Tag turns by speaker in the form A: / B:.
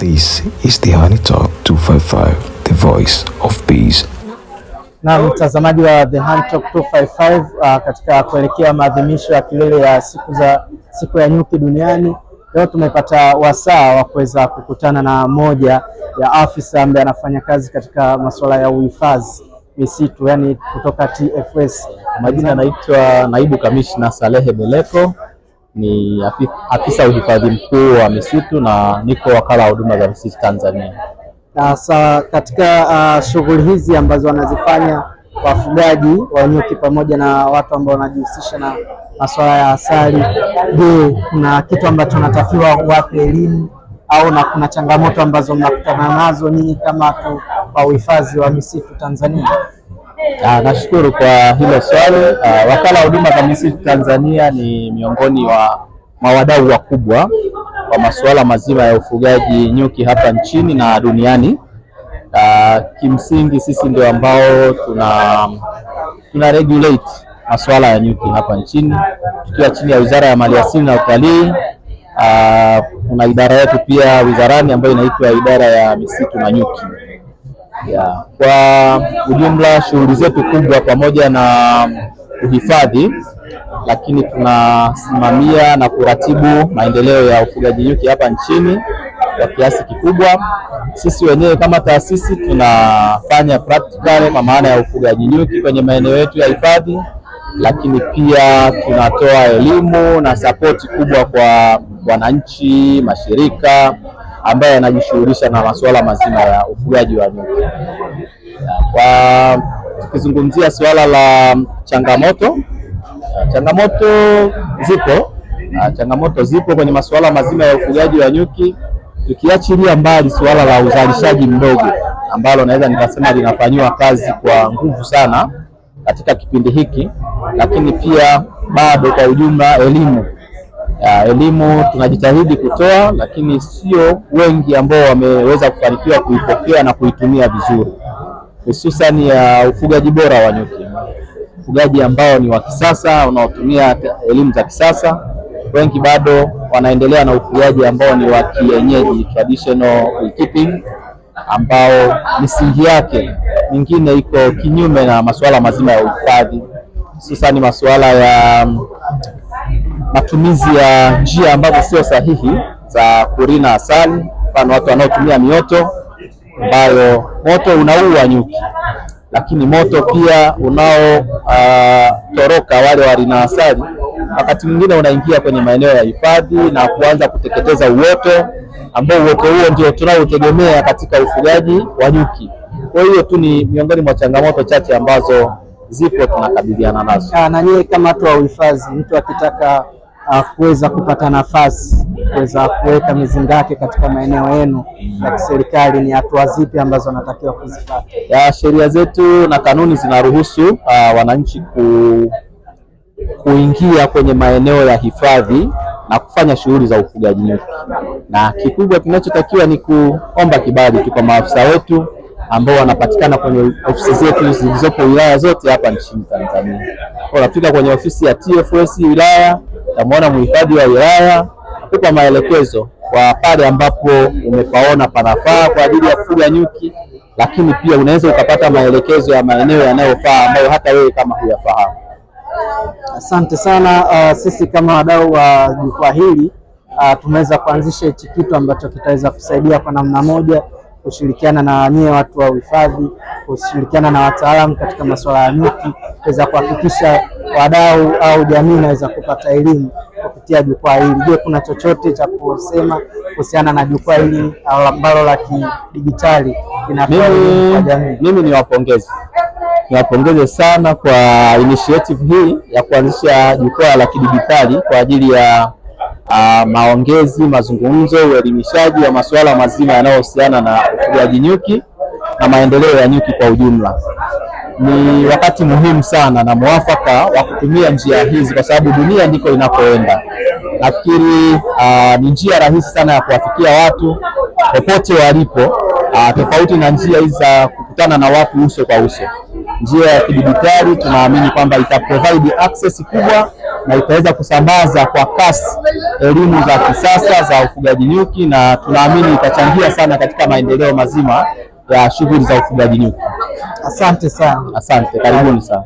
A: This is the Honey Talk 255, the voice of peace.
B: Na mtazamaji wa the Honey Talk 255, uh, katika kuelekea maadhimisho ya kilele ya siku za siku ya nyuki duniani, leo tumepata wasaa wa kuweza kukutana na moja ya afisa ambaye anafanya kazi katika masuala ya uhifadhi misitu yani kutoka TFS.
C: Majina anaitwa naibu kamishna Salehe Beleko ni afisa uhifadhi mkuu wa misitu na niko wakala wa huduma za misitu Tanzania.
B: Sasa katika uh, shughuli hizi ambazo wanazifanya wafugaji wa nyuki pamoja na watu ambao wanajihusisha na masuala ya asali, je, kuna kitu ambacho natakiwa wape elimu au na kuna changamoto ambazo mnakutana nazo nyinyi kama watu wa uhifadhi wa misitu Tanzania?
C: Ah, nashukuru kwa hilo swali. Ah, wakala wa huduma za misitu Tanzania ni miongoni wa mawadau wakubwa kwa masuala mazima ya ufugaji nyuki hapa nchini na duniani. Ah, kimsingi sisi ndio ambao tuna tuna regulate masuala ya nyuki hapa nchini tukiwa chini ya Wizara ya Maliasili na Utalii. Ah, kuna idara yetu pia wizarani ambayo inaitwa Idara ya Misitu na Nyuki. Yeah. Kwa ujumla shughuli zetu kubwa pamoja na uhifadhi, lakini tunasimamia na kuratibu maendeleo ya ufugaji nyuki hapa nchini kwa kiasi kikubwa. Sisi wenyewe kama taasisi tunafanya practical kwa maana ya ufugaji nyuki kwenye maeneo yetu ya hifadhi, lakini pia tunatoa elimu na sapoti kubwa kwa wananchi, mashirika ambaye anajishughulisha na masuala mazima ya ufugaji wa nyuki. Kwa tukizungumzia suala la changamoto, changamoto zipo, changamoto zipo kwenye masuala mazima ya ufugaji wa nyuki, tukiachilia mbali suala la uzalishaji mdogo ambalo naweza nikasema linafanywa kazi kwa nguvu sana katika kipindi hiki, lakini pia bado kwa ujumla elimu ya elimu tunajitahidi kutoa, lakini sio wengi ambao wameweza kufanikiwa kuipokea na kuitumia vizuri, hususani ya ufugaji bora wa nyuki, ufugaji ambao ni wa kisasa unaotumia elimu za kisasa. Wengi bado wanaendelea na ufugaji ambao ni wa kienyeji, traditional keeping, ambao misingi yake mingine iko kinyume na masuala mazima ya uhifadhi, hususani masuala ya matumizi ya njia ambazo sio sahihi za kurina asali, mfano watu wanaotumia mioto ambayo moto unaua nyuki, lakini moto pia unaotoroka ah, uh, wale warina asali wakati mwingine unaingia kwenye maeneo ya hifadhi na kuanza kuteketeza uoto ambao uoto huo ndio tunaoutegemea katika ufugaji wa nyuki. Kwa hiyo tu ni miongoni mwa changamoto chache ambazo zipo tunakabiliana nazo.
B: Ah, na nyie kama watu wa uhifadhi, mtu akitaka kuweza kupata nafasi kuweza kuweka mizinga yake katika maeneo yenu ya kiserikali, ni hatua zipi ambazo anatakiwa kuzifuata?
C: Ya sheria zetu na kanuni zinaruhusu uh, wananchi ku, kuingia kwenye maeneo ya hifadhi na kufanya shughuli za ufugaji nyuki, na kikubwa kinachotakiwa ni kuomba kibali tu kwa maafisa wetu ambao wanapatikana kwenye ofisi zetu zilizopo wilaya zote hapa nchini Tanzania. Unafika kwenye ofisi ya TFS wilaya utamwona mhifadhi wa wilaya kupa maelekezo kwa pale ambapo umepaona panafaa kwa ajili ya kufuga nyuki, lakini pia unaweza ukapata maelekezo ya maeneo yanayofaa ambayo hata wewe kama huyafahamu.
B: Asante sana. Uh, sisi kama wadau wa jukwaa hili uh, tumeweza kuanzisha hichi kitu ambacho kitaweza kusaidia kwa namna moja kushirikiana na wanyewe watu wa uhifadhi, kushirikiana na wataalamu katika masuala ya miti, kuweza kuhakikisha wadau au jamii inaweza kupata elimu kupitia jukwaa hili. Je, kuna chochote cha kusema kuhusiana na jukwaa hili ambalo la kidijitali
C: linatoa elimu kwa jamii? Mimi niwapongeze niwapongeze sana kwa initiative hii ya kuanzisha jukwaa la kidijitali kwa ajili ya uh, maongezi, mazungumzo, uelimishaji wa masuala mazima yanayohusiana na ufugaji nyuki na maendeleo ya nyuki kwa ujumla. Ni wakati muhimu sana na mwafaka wa kutumia njia hizi kwa sababu dunia ndiko inakoenda. Nafikiri uh, ni njia rahisi sana ya kuwafikia watu popote walipo, uh, tofauti na njia hizi za kukutana na watu uso kwa uso njia ya kidijitali, tunaamini kwamba ita provide access kubwa na itaweza kusambaza kwa kasi elimu za kisasa za ufugaji nyuki, na tunaamini itachangia sana katika maendeleo mazima ya shughuli za ufugaji nyuki.
B: Asante sana.
C: Asante, karibuni sana.